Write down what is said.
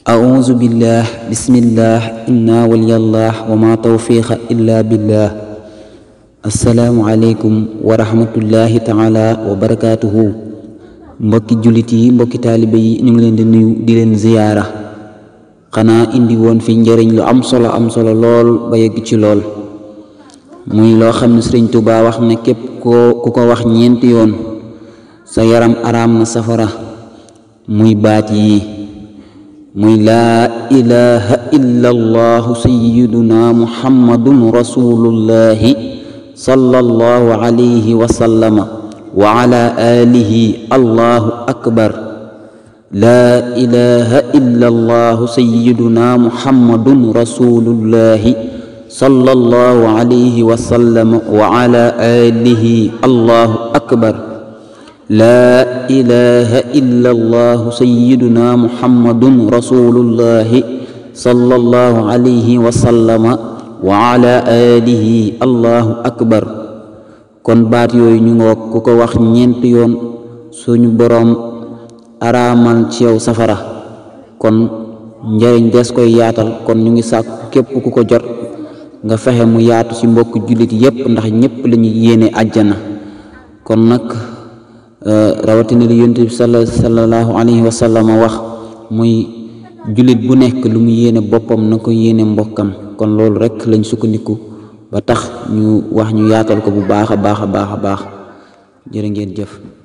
أعوذ بالله bismillah الله إنا ولي الله وما توفيق إلا بالله السلام عليكم ورحمة الله تعالى وبركاته mbokki juliti mbokki taalibe yi ñu ngi leen di nuyu di leen ziyara xana indi won fi ndariñ lu am solo am solo lol ba yegg ci lol muy lo xamne serigne touba wax ne kep ko ku ko wax ñent yoon sa yaram aram na safara muy baat ملا إله إلا الله سيدنا محمد رسول الله صلى الله عليه وسلم وعلى آله الله أكبر لا إله إلا الله سيدنا محمد رسول الله صلى الله عليه وسلم وعلى آله الله أكبر لا إله إلا الله سيدنا محمد رسول الله صلى الله عليه وسلم وعلى آله الله أكبر كون بات يوي نيوك كوكو واخ نينت يون سوني بروم ارامال تيو سفرا كون نجارين ديس كوي ياتال كون نيغي ساك كيب كوكو جور nga fexé mu yaatu ci mbokk julit yépp ndax ñëpp lañu yéene aljana kon nak Euh, rawatina li yonent bi sallallahu alayhi wa sallam wax muy jullit bu nekk lu mu yéene boppam na ko yéene mbokkam kon loolu rek lañ sukkandiku ba tax ñu wax ñu yaatal ko bu baax a baax a baax a baax jërë ngeen jëf